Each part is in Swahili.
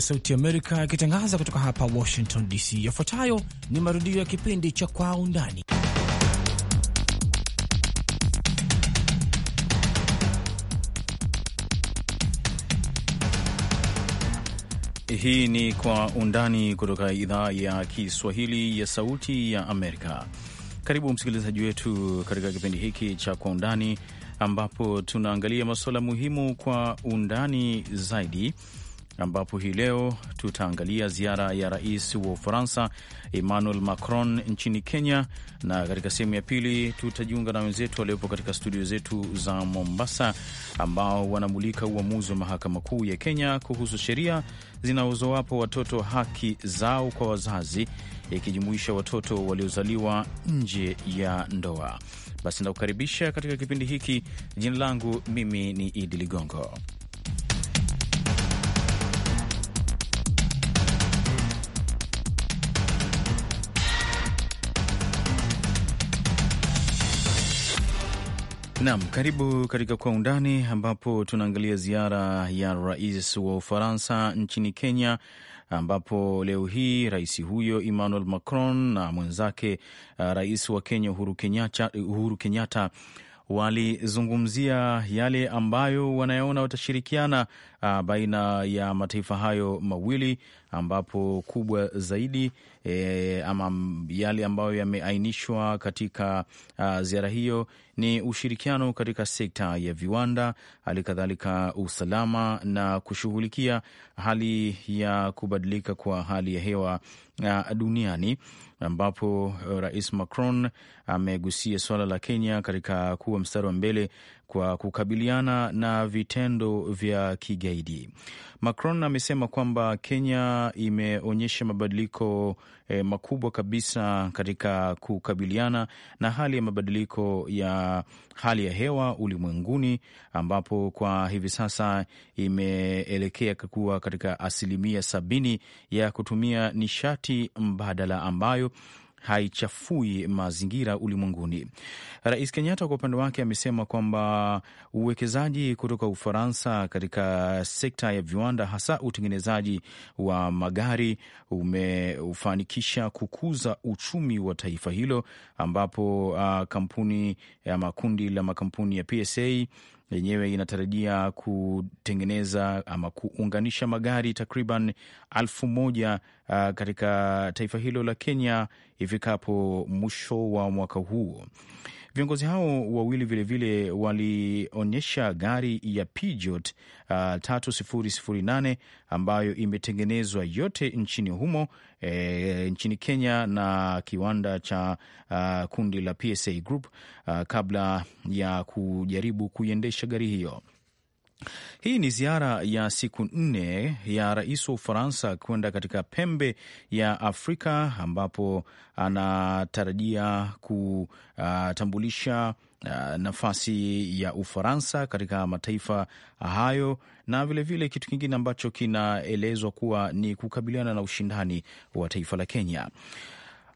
Sauti Amerika ikitangaza kutoka hapa Washington DC. Yafuatayo ni marudio ya kipindi cha Kwa Undani. Hii ni Kwa Undani kutoka idhaa ya Kiswahili ya Sauti ya Amerika. Karibu msikilizaji wetu katika kipindi hiki cha Kwa Undani, ambapo tunaangalia masuala muhimu kwa undani zaidi ambapo hii leo tutaangalia ziara ya rais wa Ufaransa Emmanuel Macron nchini Kenya, na katika sehemu ya pili tutajiunga na wenzetu waliopo katika studio zetu za Mombasa, ambao wanamulika uamuzi wa mahakama kuu ya Kenya kuhusu sheria zinazowapa watoto haki zao kwa wazazi, ikijumuisha watoto waliozaliwa nje ya ndoa. Basi nakukaribisha katika kipindi hiki. Jina langu mimi ni Idi Ligongo. Nam, karibu katika Kwa Undani, ambapo tunaangalia ziara ya rais wa Ufaransa nchini Kenya, ambapo leo hii rais huyo Emmanuel Macron na mwenzake uh, rais wa Kenya Uhuru Kenyatta, Uhuru Kenyatta walizungumzia yale ambayo wanayaona watashirikiana uh, baina ya mataifa hayo mawili ambapo kubwa zaidi e, ama yale ambayo yameainishwa katika uh, ziara hiyo ni ushirikiano katika sekta ya viwanda, hali kadhalika usalama na kushughulikia hali ya kubadilika kwa hali ya hewa uh, duniani ambapo uh, Rais Macron amegusia suala la Kenya katika kuwa mstari wa mbele kwa kukabiliana na vitendo vya kigaidi. Macron amesema kwamba Kenya imeonyesha mabadiliko eh, makubwa kabisa katika kukabiliana na hali ya mabadiliko ya hali ya hewa ulimwenguni, ambapo kwa hivi sasa imeelekea kuwa katika asilimia sabini ya kutumia nishati mbadala ambayo haichafui mazingira ulimwenguni. Rais Kenyatta kwa upande wake amesema kwamba uwekezaji kutoka Ufaransa katika sekta ya viwanda, hasa utengenezaji wa magari umeufanikisha kukuza uchumi wa taifa hilo, ambapo uh, kampuni ama kundi la makampuni ya PSA yenyewe inatarajia kutengeneza ama kuunganisha magari takriban alfu moja uh, katika taifa hilo la Kenya ifikapo mwisho wa mwaka huo. Viongozi hao wawili vilevile walionyesha gari ya Peugeot uh, 3008 ambayo imetengenezwa yote nchini humo E, nchini Kenya na kiwanda cha uh, kundi la PSA Group uh, kabla ya kujaribu kuiendesha gari hiyo. Hii ni ziara ya siku nne ya rais wa Ufaransa kwenda katika pembe ya Afrika ambapo anatarajia kutambulisha uh, nafasi ya Ufaransa katika mataifa hayo na vilevile vile kitu kingine ambacho kinaelezwa kuwa ni kukabiliana na ushindani wa taifa la Kenya.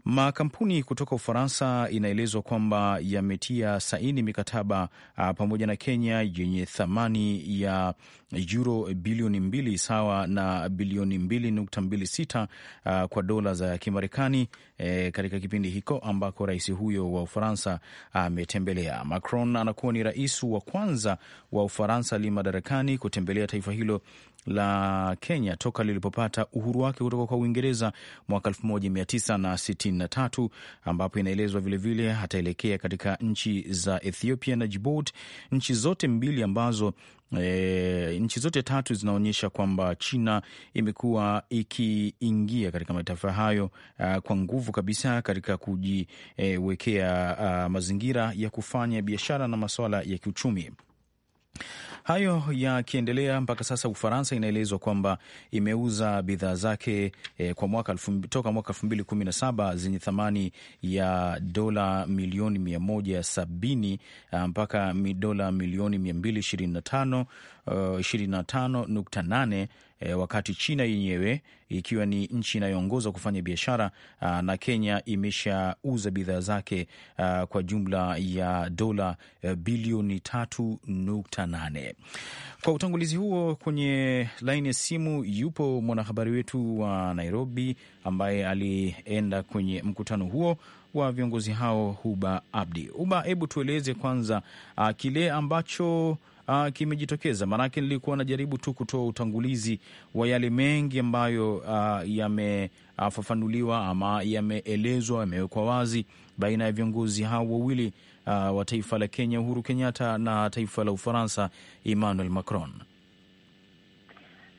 Makampuni kutoka Ufaransa inaelezwa kwamba yametia saini mikataba ah, pamoja na Kenya yenye thamani ya euro bilioni mbili sawa na bilioni mbili nukta mbili sita uh, kwa dola za Kimarekani eh, katika kipindi hiko ambako rais huyo wa Ufaransa ametembelea. Uh, Macron anakuwa ni rais wa kwanza wa Ufaransa li madarakani kutembelea taifa hilo la Kenya toka lilipopata uhuru wake kutoka kwa Uingereza mwaka tatu ambapo inaelezwa vilevile ataelekea katika nchi za Ethiopia na Djibouti, nchi zote mbili ambazo E, nchi zote tatu zinaonyesha kwamba China imekuwa ikiingia katika mataifa hayo uh, kwa nguvu kabisa katika kujiwekea uh, mazingira ya kufanya biashara na masuala ya kiuchumi. Hayo yakiendelea mpaka sasa, Ufaransa inaelezwa kwamba imeuza bidhaa zake e, kwa mwaka toka mwaka elfu mbili kumi na saba zenye thamani ya dola milioni mia moja sabini ah, mpaka dola milioni mia mbili ishirini na tano eh, ishirini na tano nukta nane e, wakati China yenyewe ikiwa ni nchi inayoongoza kufanya biashara na Kenya imeshauza bidhaa zake a, kwa jumla ya dola e, bilioni 3.8. Kwa utangulizi huo, kwenye laini ya simu yupo mwanahabari wetu wa Nairobi ambaye alienda kwenye mkutano huo wa viongozi hao, Huba Abdi. Huba, hebu tueleze kwanza a, kile ambacho uh, kimejitokeza? Maanake nilikuwa najaribu tu kutoa utangulizi wa yale mengi ambayo uh, yamefafanuliwa ama yameelezwa, yamewekwa wazi baina ya viongozi hao wawili uh, wa taifa la Kenya Uhuru Kenyatta na taifa la Ufaransa Emmanuel Macron.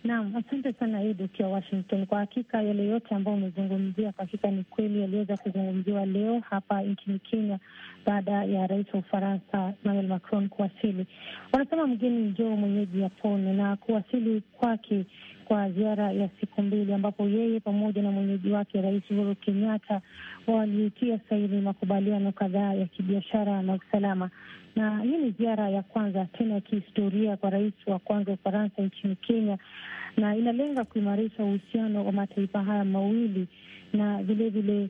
Naam, asante sana Idi ukiwa Washington. Kwa hakika yale yote ambayo umezungumzia, kwa hakika ni kweli yaliweza kuzungumziwa leo hapa nchini Kenya, baada ya rais wa Ufaransa Emmanuel Macron kuwasili. Wanasema mgeni njoo mwenyeji yapone, na kuwasili kwake kwa ziara ya siku mbili ambapo yeye pamoja na mwenyeji wake Rais Uhuru Kenyatta walitia saini makubaliano kadhaa ya kibiashara na usalama. Na hii ni ziara ya kwanza tena ya kihistoria kwa rais wa kwanza wa Ufaransa nchini Kenya, na inalenga kuimarisha uhusiano wa mataifa haya mawili na vilevile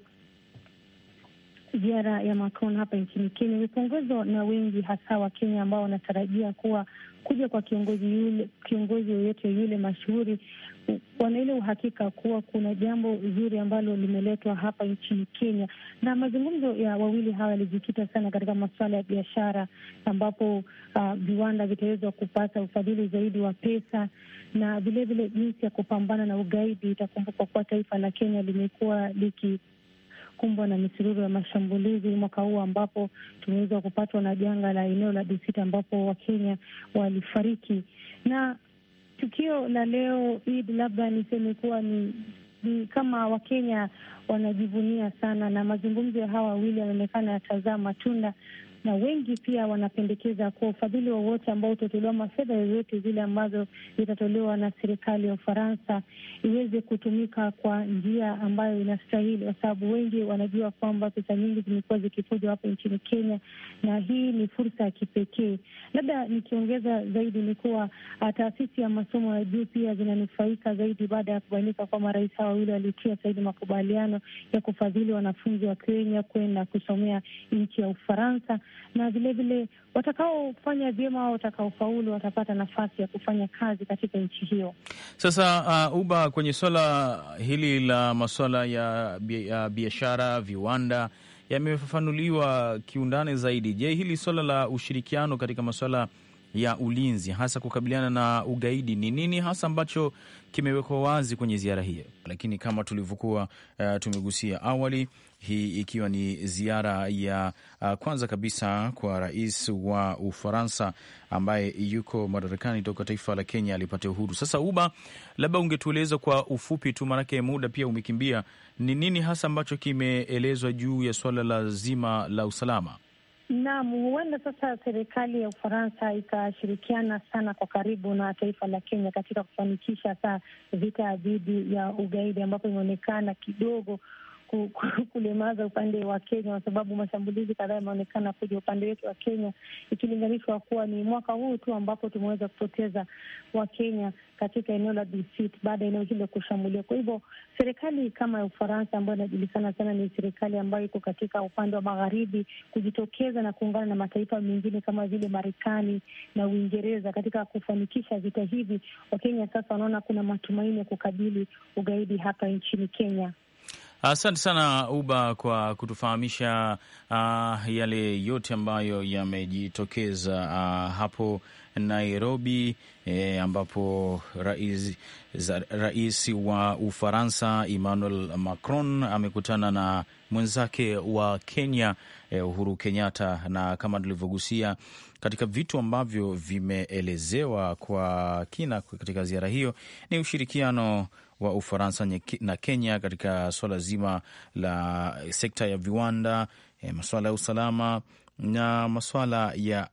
ziara ya Macron hapa nchini Kenya imepongezwa na wengi, hasa Wakenya ambao wanatarajia kuwa kuja kwa kiongozi yule, kiongozi yoyote yule mashuhuri, wana ile uhakika kuwa kuna jambo zuri ambalo limeletwa hapa nchini Kenya. Na mazungumzo ya wawili hawa yalijikita sana katika masuala ya biashara, ambapo uh, viwanda uh, vitaweza kupata ufadhili zaidi wa pesa na vilevile jinsi ya kupambana na ugaidi. Itakumbukwa kuwa taifa la Kenya limekuwa liki kumbwa na misururu ya mashambulizi mwaka huu, ambapo tumeweza kupatwa na janga la eneo la Dusit ambapo Wakenya walifariki. Na tukio la leo Eid, labda niseme kuwa ni kama Wakenya wanajivunia sana, na mazungumzo ya hawa wawili yanaonekana yatazaa matunda na wengi pia wanapendekeza kuwa ufadhili wowote ambao utatolewa, mafedha yoyote zile ambazo zitatolewa na serikali ya Ufaransa iweze kutumika kwa njia ambayo inastahili, kwa sababu wengi wanajua kwamba pesa nyingi zimekuwa zikifuja hapa nchini Kenya, na hii ni fursa ya kipekee. Labda nikiongeza zaidi ni kuwa ah, taasisi ya masomo ya juu pia zinanufaika zaidi baada ya kubainika kwa marais hawa wawili waliotia saidi makubaliano ya kufadhili wanafunzi wa Kenya kwenda kusomea nchi ya Ufaransa na vilevile watakaofanya vyema au watakaofaulu watapata nafasi ya kufanya kazi katika nchi hiyo. Sasa uh, uba kwenye swala hili la maswala ya biashara, viwanda yamefafanuliwa kiundani zaidi. Je, hili swala la ushirikiano katika maswala ya ulinzi hasa kukabiliana na ugaidi, ni nini hasa ambacho kimewekwa wazi kwenye ziara hiyo? Lakini kama tulivyokuwa uh, tumegusia awali, hii ikiwa ni ziara ya uh, kwanza kabisa kwa rais wa Ufaransa ambaye yuko madarakani toka taifa la Kenya alipata uhuru. Sasa Uba, labda ungetueleza kwa ufupi tu, maanake muda pia umekimbia, ni nini hasa ambacho kimeelezwa juu ya suala la zima la usalama? Naam, huenda sasa serikali ya Ufaransa ikashirikiana sana kwa karibu na taifa la Kenya katika kufanikisha saa vita dhidi ya ugaidi, ambapo imeonekana kidogo kulemaza upande wa Kenya kwa sababu mashambulizi kadhaa yameonekana kuja upande wetu wa Kenya, ikilinganishwa kuwa ni mwaka huu tu ambapo tumeweza kupoteza Wakenya katika eneo la baada ya eneo hilo kushambuliwa. Kwa hivyo serikali kama ya Ufaransa ambayo inajulikana sana ni serikali ambayo iko katika upande wa magharibi kujitokeza na kuungana na mataifa mengine kama vile Marekani na Uingereza katika kufanikisha vita hivi, Wakenya sasa wanaona kuna matumaini ya kukabili ugaidi hapa nchini Kenya. Asante sana Uba kwa kutufahamisha uh, yale yote ambayo yamejitokeza uh, hapo Nairobi eh, ambapo rais, za, rais wa Ufaransa Emmanuel Macron amekutana na mwenzake wa Kenya eh, Uhuru Kenyatta, na kama tulivyogusia katika vitu ambavyo vimeelezewa kwa kina katika ziara hiyo ni ushirikiano wa Ufaransa na Kenya katika swala zima la eh, sekta ya viwanda, e, eh, masuala ya usalama na masuala ya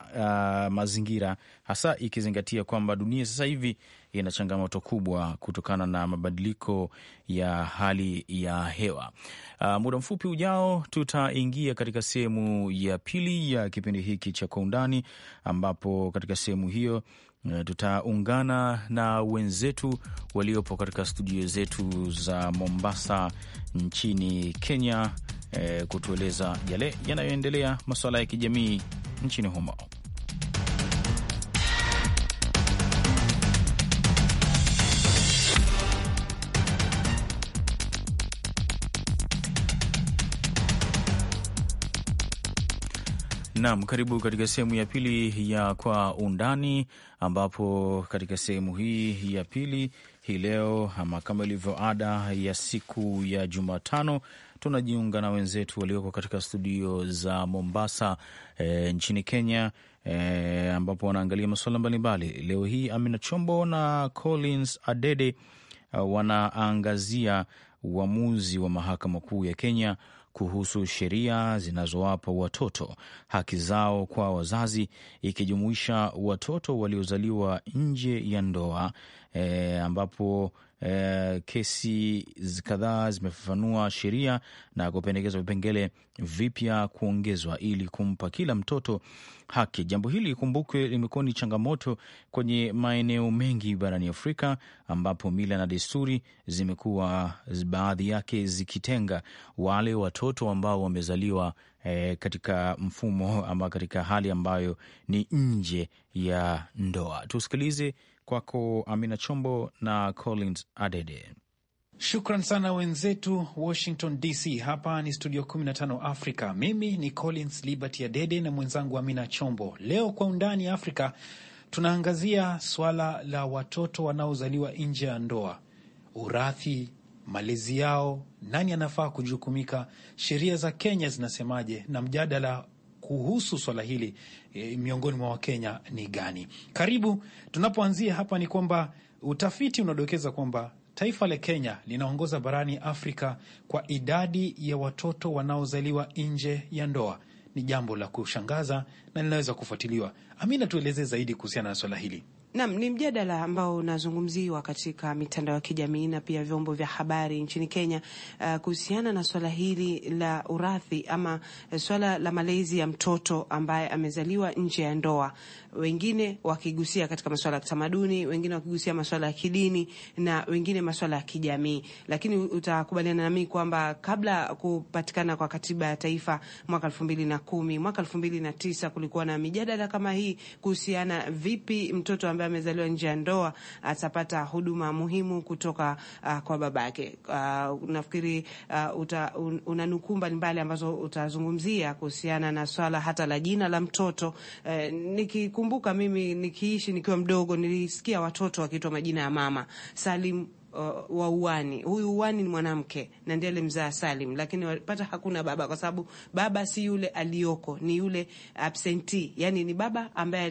uh, mazingira, hasa ikizingatia kwamba dunia sasa hivi ina changamoto kubwa kutokana na mabadiliko ya hali ya hewa. Uh, muda mfupi ujao tutaingia katika sehemu ya pili ya kipindi hiki cha Kwa Undani, ambapo katika sehemu hiyo Eh, tutaungana na wenzetu waliopo katika studio zetu za Mombasa nchini Kenya, e, kutueleza yale yanayoendelea masuala ya kijamii nchini humo. Naam, karibu katika sehemu ya pili ya Kwa Undani, ambapo katika sehemu hii ya pili hii leo, ama kama ilivyo ada ya siku ya Jumatano, tunajiunga na wenzetu walioko katika studio za Mombasa e, nchini Kenya e, ambapo wanaangalia masuala mbalimbali. Leo hii Amina Chombo na Collins Adede eh, wanaangazia uamuzi wa mahakama kuu ya Kenya kuhusu sheria zinazowapa watoto haki zao kwa wazazi, ikijumuisha watoto waliozaliwa nje ya ndoa e, ambapo eh, kesi kadhaa zimefafanua sheria na kupendekeza vipengele vipya kuongezwa ili kumpa kila mtoto haki. Jambo hili ikumbukwe, limekuwa ni changamoto kwenye maeneo mengi barani Afrika ambapo mila na desturi zimekuwa baadhi yake zikitenga wale watoto ambao wamezaliwa E, katika mfumo ama katika hali ambayo ni nje ya ndoa. Tusikilize kwako Amina Chombo na Collins Adede. Shukran sana wenzetu Washington DC. Hapa ni studio 15 Africa. Mimi ni Collins Liberty Adede na mwenzangu Amina Chombo. Leo kwa undani Afrika tunaangazia swala la watoto wanaozaliwa nje ya ndoa, urathi, malezi yao, nani anafaa kujukumika, sheria za Kenya zinasemaje, na mjadala kuhusu swala hili e, miongoni mwa Wakenya ni gani? Karibu. Tunapoanzia hapa ni kwamba utafiti unadokeza kwamba taifa la Kenya linaongoza barani Afrika kwa idadi ya watoto wanaozaliwa nje ya ndoa. Ni jambo la kushangaza na linaweza kufuatiliwa. Amina, tueleze zaidi kuhusiana na swala hili. Naam, ni mjadala ambao unazungumziwa katika mitandao ya kijamii na pia vyombo vya habari nchini Kenya uh, kuhusiana na swala hili la urathi ama swala la malezi ya mtoto ambaye amezaliwa nje ya ndoa wengine wakigusia katika masuala ya kitamaduni, wengine wakigusia masuala ya kidini na wengine masuala ya kijamii. Lakini utakubaliana nami kwamba kabla kupatikana kwa katiba ya taifa mwaka elfu mbili na kumi, mwaka elfu mbili na tisa kulikuwa na mijadala kama hii kuhusiana vipi mtoto ambaye amezaliwa nje ya ndoa atapata huduma muhimu kutoka uh, kwa babake. Uh, nafikiri uh, uta, un, una nukuu mbalimbali ambazo utazungumzia kuhusiana na swala hata la jina la mtoto uh, nikiku nakumbuka mimi nikiishi nikiwa mdogo nilisikia watoto wakiitwa majina ya mama Salim Uh, wa uwani huyu uani ni mwanamke na ndiye alimzaa Salim, lakini wapata hakuna baba, kwa sababu baba si yule aliyoko, ni yule absentee, yani ni baba ambaye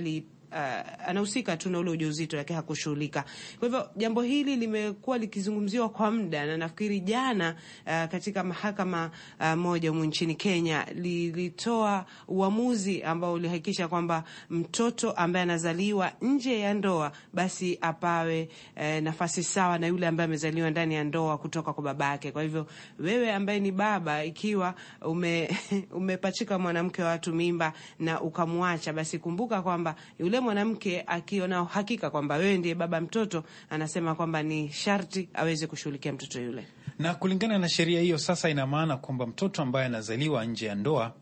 uh, anahusika tu na ule ujauzito, lakini hakushughulika. Kwa hivyo jambo hili limekuwa likizungumziwa kwa muda na nafikiri jana, uh, katika mahakama uh, moja humu nchini Kenya lilitoa uamuzi ambao ulihakikisha kwamba mtoto ambaye anazaliwa nje ya ndoa basi apawe eh, nafasi sawa na yule ambaye amezaliwa ndani ya ndoa kutoka kwa baba yake. Kwa hivyo wewe ambaye ni baba, ikiwa ume, umepachika mwanamke wa watu mimba na ukamwacha, basi kumbuka kwamba yule yule mwanamke akiona uhakika kwamba wewe ndiye baba mtoto, anasema kwamba ni sharti aweze kushughulikia mtoto yule. Na kulingana na sheria hiyo, sasa ina maana kwamba mtoto ambaye anazaliwa nje ya ndoa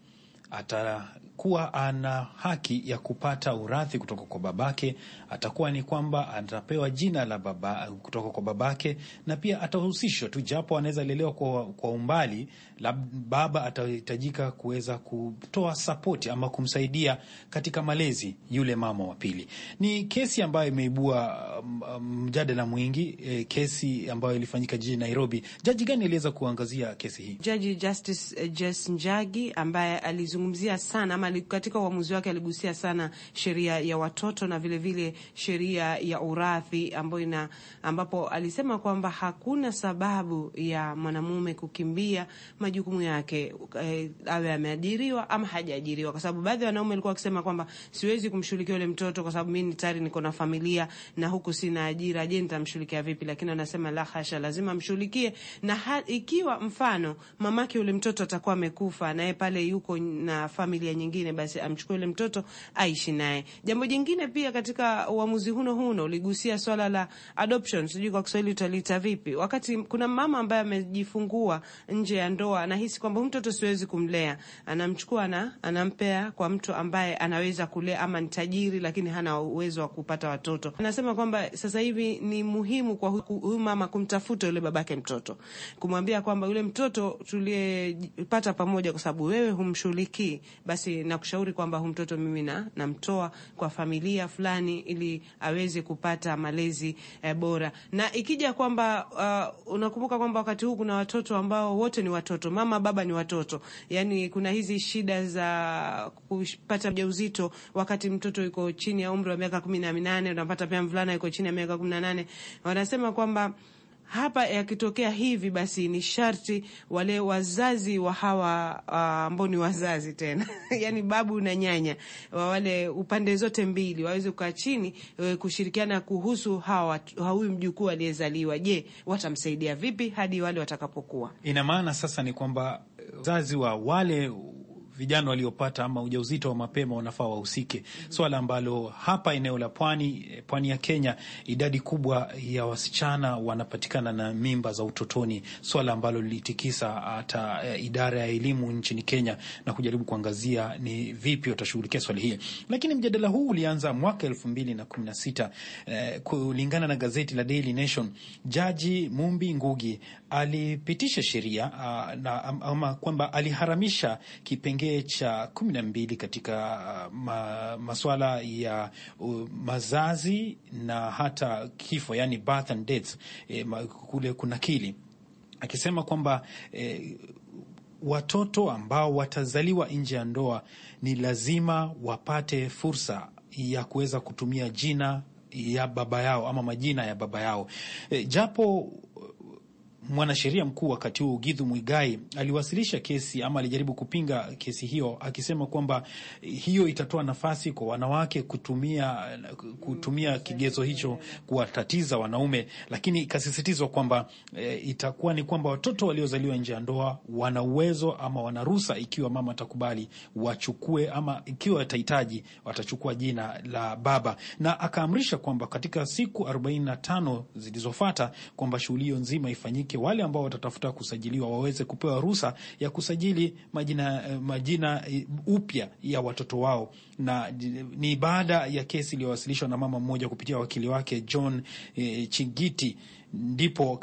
ata kuwa ana haki ya kupata urithi kutoka kwa babake, atakuwa ni kwamba atapewa jina la baba kutoka kwa babake, na pia atahusishwa tu, japo anaweza lelewa kwa, kwa umbali, la baba atahitajika kuweza kutoa sapoti ama kumsaidia katika malezi yule mama wa pili. Ni kesi ambayo imeibua um, mjadala um, um, mwingi e, kesi ambayo ilifanyika jijini Nairobi. Jaji gani aliweza kuangazia kesi hii? Jaji Justice eh, Jes Njagi ambaye alizungumzia sana ama katika uamuzi wake aligusia sana sheria ya watoto na vile vile sheria ya urathi ambayo ina ambapo alisema kwamba hakuna sababu ya mwanamume kukimbia majukumu yake eh, awe ameajiriwa ama hajaajiriwa, kwa sababu baadhi ya wanaume walikuwa wakisema kwamba siwezi kumshughulikia yule mtoto kwa sababu mimi tayari niko na familia na huku sina ajira, je, nitamshughulikia vipi? Lakini anasema la hasha, lazima mshughulikie na ha, ikiwa mfano mamake yule mtoto atakuwa amekufa naye pale yuko na familia nyingine mwingine, basi amchukue yule mtoto aishi naye. Jambo jingine pia katika uamuzi huno huno uligusia swala la adoption, sijui kwa Kiswahili utaliita vipi, wakati kuna mama ambaye amejifungua nje ya ndoa, anahisi kwamba mtoto siwezi kumlea, anamchukua na anampea kwa mtu ambaye anaweza kulea ama ni tajiri, lakini hana uwezo wa kupata watoto. Anasema kwamba sasa hivi ni muhimu kwa huyu mama kumtafuta yule babake mtoto, kumwambia kwamba yule mtoto tuliyepata pamoja, kwa sababu wewe humshughulikii, basi nakushauri kwamba hu mtoto mimi na namtoa kwa familia fulani ili aweze kupata malezi eh, bora. Na ikija kwamba uh, unakumbuka kwamba wakati huu kuna watoto ambao wote ni watoto, mama baba ni watoto, yani kuna hizi shida za kupata ujauzito wakati mtoto yuko chini ya umri wa miaka kumi na minane. Unapata pia mvulana yuko chini ya miaka kumi na nane wanasema kwamba hapa yakitokea hivi basi ni sharti wale wazazi wa hawa ah, ambao uh, ni wazazi tena yani babu na nyanya wa wale upande zote mbili waweze kukaa chini eh, kushirikiana kuhusu hawa huyu mjukuu aliyezaliwa. Je, watamsaidia vipi hadi wale watakapokuwa? Ina maana sasa ni kwamba eh, wazazi wa wale vijana waliopata ama ujauzito wa mapema wanafaa wahusike, mm-hmm. swala ambalo hapa eneo la pwani, eh, pwani ya Kenya, idadi kubwa ya wasichana wanapatikana na mimba za utotoni, swala ambalo lilitikisa hata e, idara ya elimu nchini Kenya na kujaribu kuangazia ni vipi watashughulikia swali hili. Lakini mjadala huu ulianza mwaka elfu mbili na kumi na sita eh, kulingana na gazeti la Daily Nation, Jaji Mumbi Ngugi alipitisha sheria ah, ama kwamba aliharamisha kipengee kipengee cha kumi na mbili katika uh, ma, maswala ya uh, mazazi na hata kifo, yani birth and death, eh, kule kili akisema kwamba eh, watoto ambao watazaliwa nje ya ndoa ni lazima wapate fursa ya kuweza kutumia jina ya baba yao ama majina ya baba yao, e, japo Mwanasheria mkuu wakati huo Githu Mwigai aliwasilisha kesi ama alijaribu kupinga kesi hiyo akisema kwamba hiyo itatoa nafasi kwa wanawake kutumia, kutumia kigezo hicho kuwatatiza wanaume, lakini ikasisitizwa kwamba e, itakuwa ni kwamba watoto waliozaliwa nje ya ndoa wana uwezo ama wana ruhusa, ikiwa mama atakubali wachukue, ama ikiwa atahitaji watachukua jina la baba, na akaamrisha kwamba katika siku 45 zilizofuata kwamba shughuli hiyo nzima ifanyike wafanyike, wale ambao watatafuta kusajiliwa waweze kupewa ruhusa ya kusajili majina, eh, majina eh, upya ya watoto wao, na ni baada ya kesi iliyowasilishwa na mama mmoja kupitia wakili wake John eh, Chingiti ndipo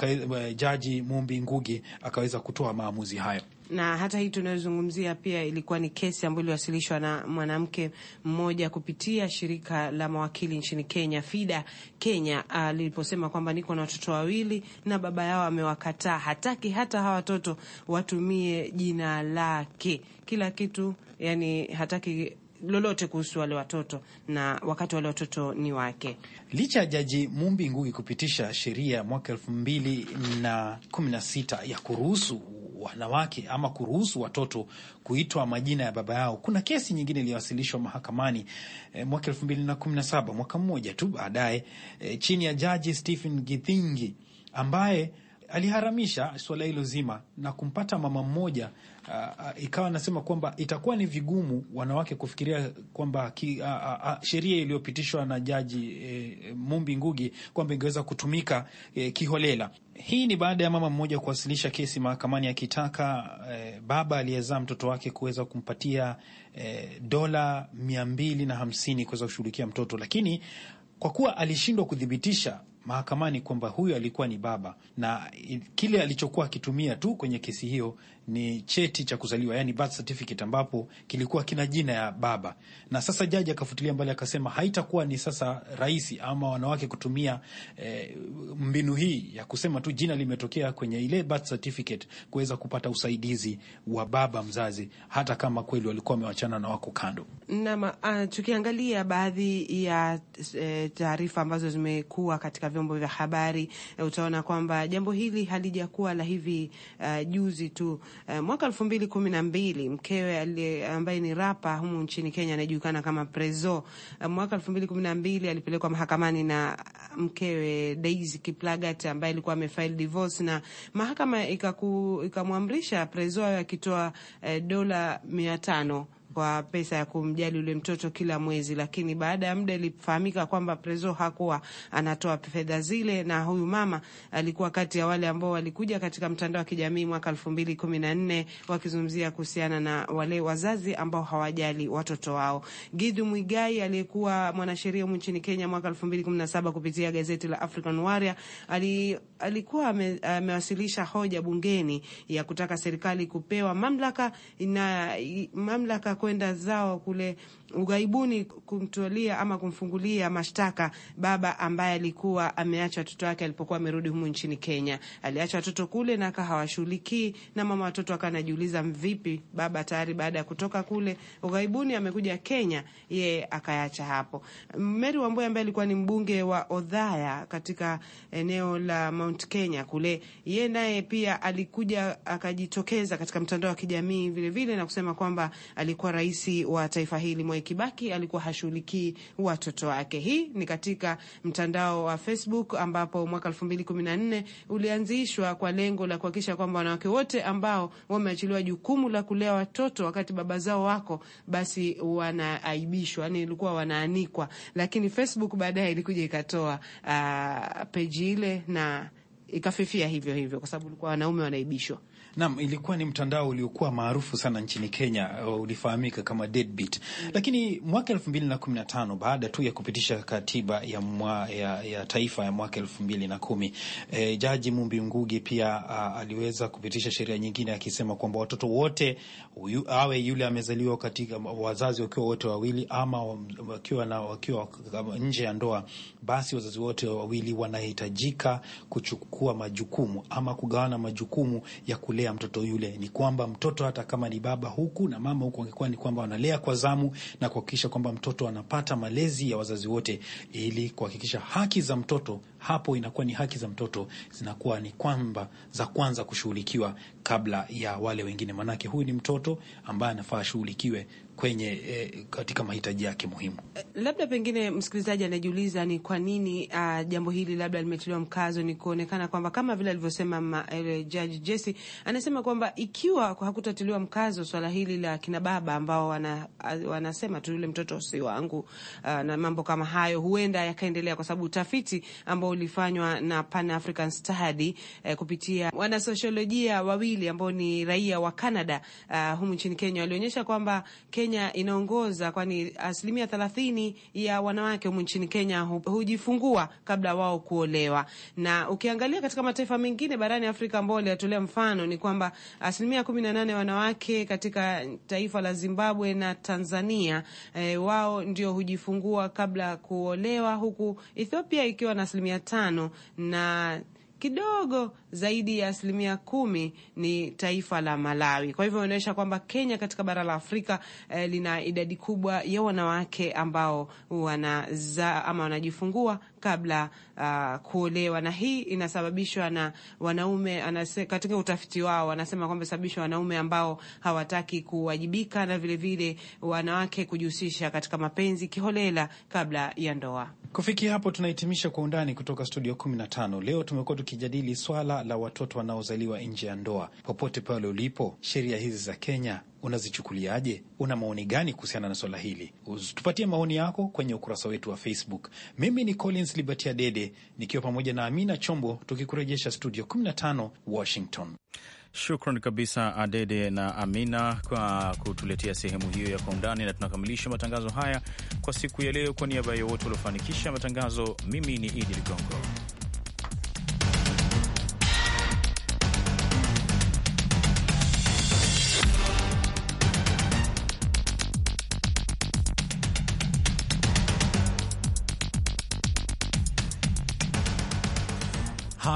jaji Mumbi Ngugi akaweza kutoa maamuzi hayo na hata hii tunayozungumzia pia ilikuwa ni kesi ambayo iliwasilishwa na mwanamke mmoja kupitia shirika la mawakili nchini Kenya, FIDA Kenya, uh, liliposema kwamba niko na watoto wawili na baba yao amewakataa, hataki hata hawa watoto watumie jina lake, kila kitu yani hataki lolote kuhusu wale watoto na wakati wale watoto ni wake. Licha ya Jaji Mumbi Ngugi kupitisha sheria mwaka elfu mbili na kumi na sita ya kuruhusu wanawake ama kuruhusu watoto kuitwa majina ya baba yao. Kuna kesi nyingine iliyowasilishwa mahakamani e, mwaka elfu mbili na kumi na saba, mwaka mmoja tu baadaye e, chini ya jaji Stephen Githingi ambaye aliharamisha swala hilo zima na kumpata mama mmoja uh, ikawa anasema kwamba itakuwa ni vigumu wanawake kufikiria kwamba uh, uh, sheria iliyopitishwa na jaji uh, Mumbi Ngugi kwamba ingeweza kutumika uh, kiholela. Hii ni baada ya mama mmoja kuwasilisha kesi mahakamani akitaka uh, baba aliyezaa mtoto wake kuweza kumpatia uh, dola mia mbili na hamsini kuweza kushughulikia mtoto, lakini kwa kuwa alishindwa kuthibitisha mahakamani kwamba huyu alikuwa ni baba, na kile alichokuwa akitumia tu kwenye kesi hiyo ni cheti cha kuzaliwa, yani birth certificate, ambapo kilikuwa kina jina ya baba. Na sasa jaji akafutilia mbali, akasema haitakuwa ni sasa rahisi ama wanawake kutumia eh, mbinu hii ya kusema tu jina limetokea kwenye ile birth certificate kuweza kupata usaidizi wa baba mzazi, hata kama kweli walikuwa wamewachana na wako kando. Naam, uh, tukiangalia baadhi ya eh, taarifa ambazo zimekuwa katika vyombo vya habari, eh, utaona kwamba jambo hili halijakuwa la hivi uh, juzi tu. Uh, mwaka elfu mbili kumi na mbili mkewe ambaye ni rapa humu nchini Kenya anayejulikana kama Prezo, uh, mwaka elfu mbili kumi na mbili alipelekwa mahakamani na mkewe Daisy Kiplagat ambaye alikuwa amefile divorce na mahakama ikamwamrisha Prezo awe akitoa uh, dola mia tano kwa pesa ya kumjali yule mtoto kila mwezi, lakini baada ya muda ilifahamika kwamba Prezo hakuwa anatoa fedha zile, na huyu mama alikuwa kati ya wale ambao walikuja katika mtandao wa kijamii mwaka elfu mbili kumi na nne wakizungumzia kuhusiana na wale wazazi ambao hawajali watoto wao. Gidu Mwigai aliyekuwa mwanasheria humu nchini Kenya mwaka elfu mbili kumi na saba kupitia gazeti la African Warrior ali, alikuwa amewasilisha hoja bungeni ya kutaka serikali kupewa mamlaka na mamlaka kwenda zao kule ughaibuni kumtolia ama kumfungulia mashtaka baba ambaye alikuwa ameacha watoto wake alipokuwa amerudi humu nchini Kenya. Aliacha watoto kule na aka hawashughulikii, na mama watoto aka anajiuliza mvipi baba tayari baada ya kutoka kule ughaibuni amekuja Kenya, ye akayacha hapo. Mary Wambui ambaye alikuwa ni mbunge wa Odhaya katika eneo la Mount Kenya kule, ye naye pia alikuja akajitokeza katika mtandao wa kijamii vilevile na kusema kwamba alikuwa rais wa taifa hili Mwai Kibaki alikuwa hashughulikii watoto wake. Hii ni katika mtandao wa Facebook ambapo mwaka 2014 ulianzishwa kwa lengo la kuhakikisha kwamba wanawake wote ambao wameachiliwa jukumu la kulea watoto wakati baba zao wako, basi wanaaibishwa, yani ilikuwa wanaanikwa. Lakini Facebook baadaye ilikuja ikatoa uh, peji ile na ikafifia hivyo hivyo, kwa sababu ulikuwa wanaume wanaibishwa. Naam, ilikuwa ni mtandao uliokuwa maarufu sana nchini Kenya, uh, ulifahamika kama Deadbeat. Mm. Lakini mwaka elfu mbili na kumi na tano baada tu ya kupitisha katiba ya, mwa, ya, ya taifa ya mwaka elfu mbili na kumi e, Jaji Mumbi Ngugi pia a, uh, aliweza kupitisha sheria nyingine akisema kwamba watoto wote uyu, awe yule amezaliwa katika wazazi wakiwa wote wawili ama wakiwa, na, wakiwa nje ya ndoa, basi wazazi wote wawili wanahitajika kuchukua majukumu ama kugawana majukumu ya kulea kumlea mtoto yule, ni kwamba mtoto hata kama ni baba huku na mama huku, angekuwa ni kwamba wanalea kwa zamu na kuhakikisha kwamba mtoto anapata malezi ya wazazi wote, ili kuhakikisha haki za mtoto hapo inakuwa ni haki za mtoto zinakuwa ni kwamba za kwanza kushughulikiwa kabla ya wale wengine, maanake huyu ni mtoto ambaye anafaa ashughulikiwe kwenye eh, katika mahitaji yake muhimu. Eh, labda pengine msikilizaji anajiuliza ni kwa nini uh, jambo hili labda limetiliwa mkazo, ni kuonekana kwamba kama vile alivyosema uh, Judge Jesse anasema kwamba ikiwa hakutatiliwa mkazo swala hili la kina baba ambao wana, uh, wanasema tu yule mtoto si wangu uh, na mambo kama hayo, huenda yakaendelea kwa sababu utafiti ambao ulifanywa na Pan African Study eh, kupitia wanasosiolojia wawili ambao ni raia wa Canada uh, humu nchini Kenya walionyesha kwamba Kenya inaongoza, kwani asilimia thelathini ya wanawake humu nchini Kenya hujifungua kabla wao kuolewa, na ukiangalia katika mataifa mengine barani Afrika ambao waliatolea mfano ni kwamba asilimia kumi na nane wanawake katika taifa la Zimbabwe na Tanzania eh, wao ndio hujifungua kabla kuolewa, huku Ethiopia ikiwa na asilimia tano na kidogo zaidi ya asilimia kumi ni taifa la Malawi. Kwa hivyo inaonyesha kwamba Kenya katika bara la Afrika eh, lina idadi kubwa ya wanawake ambao wanaza, ama wanajifungua kabla uh, kuolewa, na hii inasababishwa na wanaume anase, katika utafiti wao wanasema kwamba sababishwa wanaume ambao hawataki kuwajibika na vilevile vile wanawake kujihusisha katika mapenzi kiholela kabla ya ndoa. Kufikia hapo tunahitimisha Kwa Undani kutoka studio 15. Leo tumekuwa tukijadili swala la watoto wanaozaliwa nje ya ndoa. Popote pale ulipo, sheria hizi za Kenya unazichukuliaje? Una maoni gani kuhusiana na swala hili? Tupatie maoni yako kwenye ukurasa wetu wa Facebook. Mimi ni Collins Libertia Dede nikiwa pamoja na Amina Chombo tukikurejesha studio 15 Washington. Shukran kabisa Adede na Amina kwa kutuletea sehemu hiyo ya Kwa Undani, na tunakamilisha matangazo haya kwa siku ya leo. Kwa niaba ya wote waliofanikisha matangazo, mimi ni Idi Ligongo.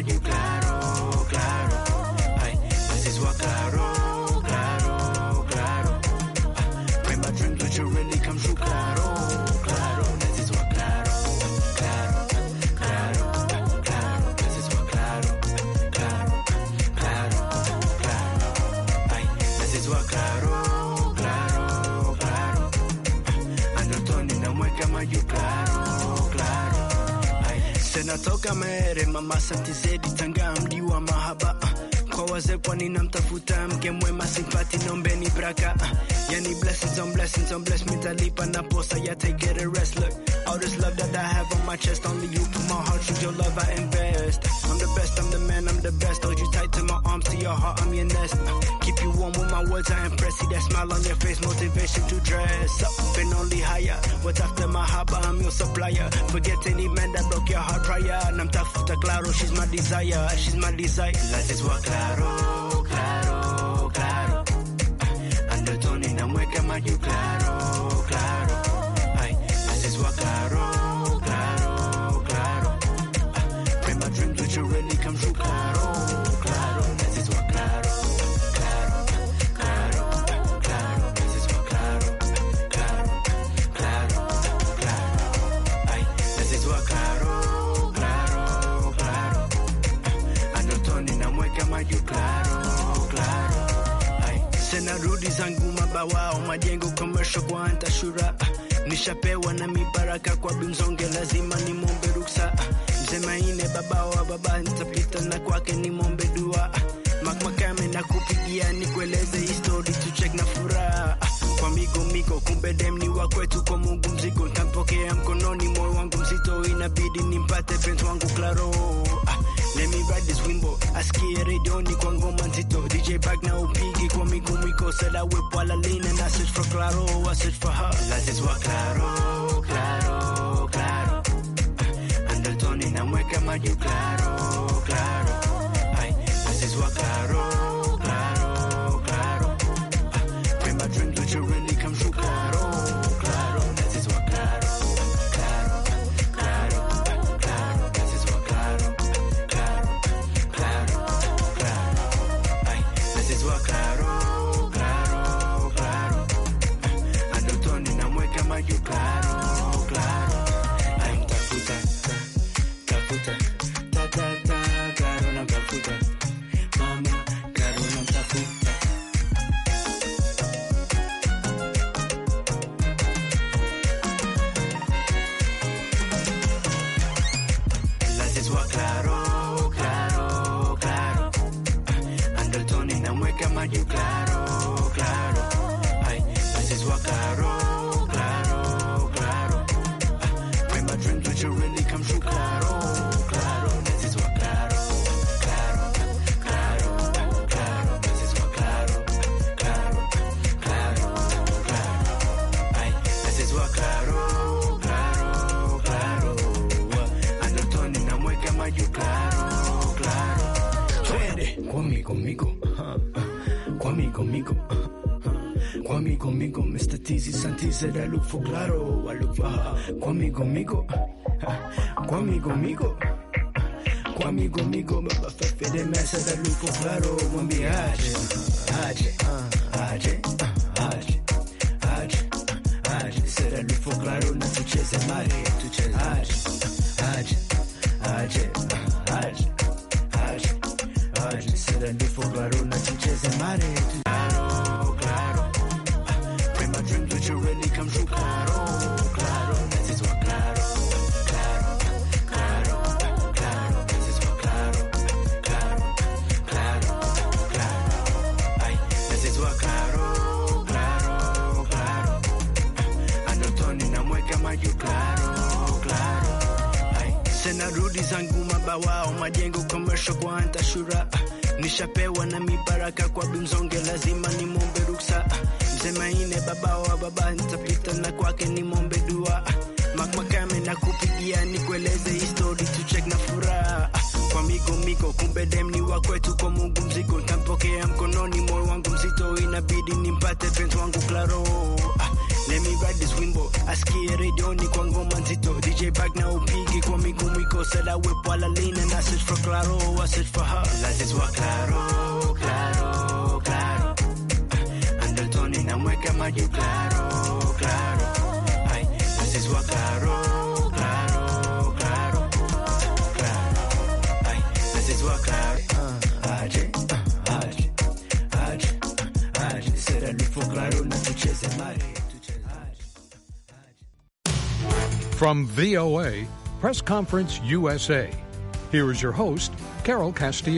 aquí, claro, claro. Ay, this is what claro, claro, claro. Uh, when my dream do you really come true, claro, claro. This is what claro, claro, claro, claro. This is what claro, claro, claro, claro. Ay, this is what claro, claro, claro. Uh, I know Tony, now where claro, claro. Ay, se na toca mere, mama 76. Inombeni braka. Ah. Yani blessings on blessings on bless me. Talipa na posa. Yeah, take get a rest. Look, all this love that I have on my chest. Only you put my heart through your love. I invest. I'm the best. I'm the man. I'm the best. Hold you tight to my arms. To your heart. I'm your nest. Ah, keep you warm with my words. I impress. See that smile on your face. Motivation to dress up Been only higher. What's after my heart? But I'm your supplier. Forget any man that broke your heart prior. And I'm tough. to Claro, she's my desire. She's my desire. Life is what claro. my new claro. mchumba wao majengo commercial kwa antashura nishapewa na mibaraka kwa bimzonge lazima ni mombe ruksa mzemaine baba wa baba nitapita na kwake ni mombe dua makmakame na kupigia ni kueleze histori tuchek na furaha kwa migo migo kumbe dem ni wa kwetu kwa Mungu mziko ntampokea mkononi moyo wangu mzito inabidi nimpate bent wangu Claro, ah, let me ride this wind Said I whip while I lean and I search for claro, I search for her. Life is what claro, claro, claro. And the tone in I'm my you claro, claro. alafu claro walikuwa kwamigo migo kwamigo migo kwamigo migo baba de mesa da lupo claro mwambie aje aje aje aje aje aje sera lupo claro na tucheze mari tucheze aje aje aje aje aje aje sera lupo claro na tucheze mari tucheze naturally come true. Claro, claro, this is zangu mabawao majengo kwa mashoko antashura ah, nishapewa na mibaraka kwa bimzonge lazima ni baba wa baba, nitapita na kwake ni mombe dua makmakame na kupigia ni kueleze histori check na furaha kwa miko miko, kumbe dem ni wa kwetu, kwa Mungu mziko ntampokea mkononi, moyo wangu mzito, inabidi nimpate penzi wangu Claro. Let me ride this wimbo asikie redioni kwa ngoma nzito DJ back na upigi kwa miko miko, said we whip while I lean search for Claro, I search for her, life is wa Claro, Claro, Claro na mweka maji claro, claro. Ay, claro, claro, claro, claro. Ay, claro. Aje, aje, aje, aje. Será claro na tucheze From VOA, Press Conference USA. Here is your host, Carol Castillo.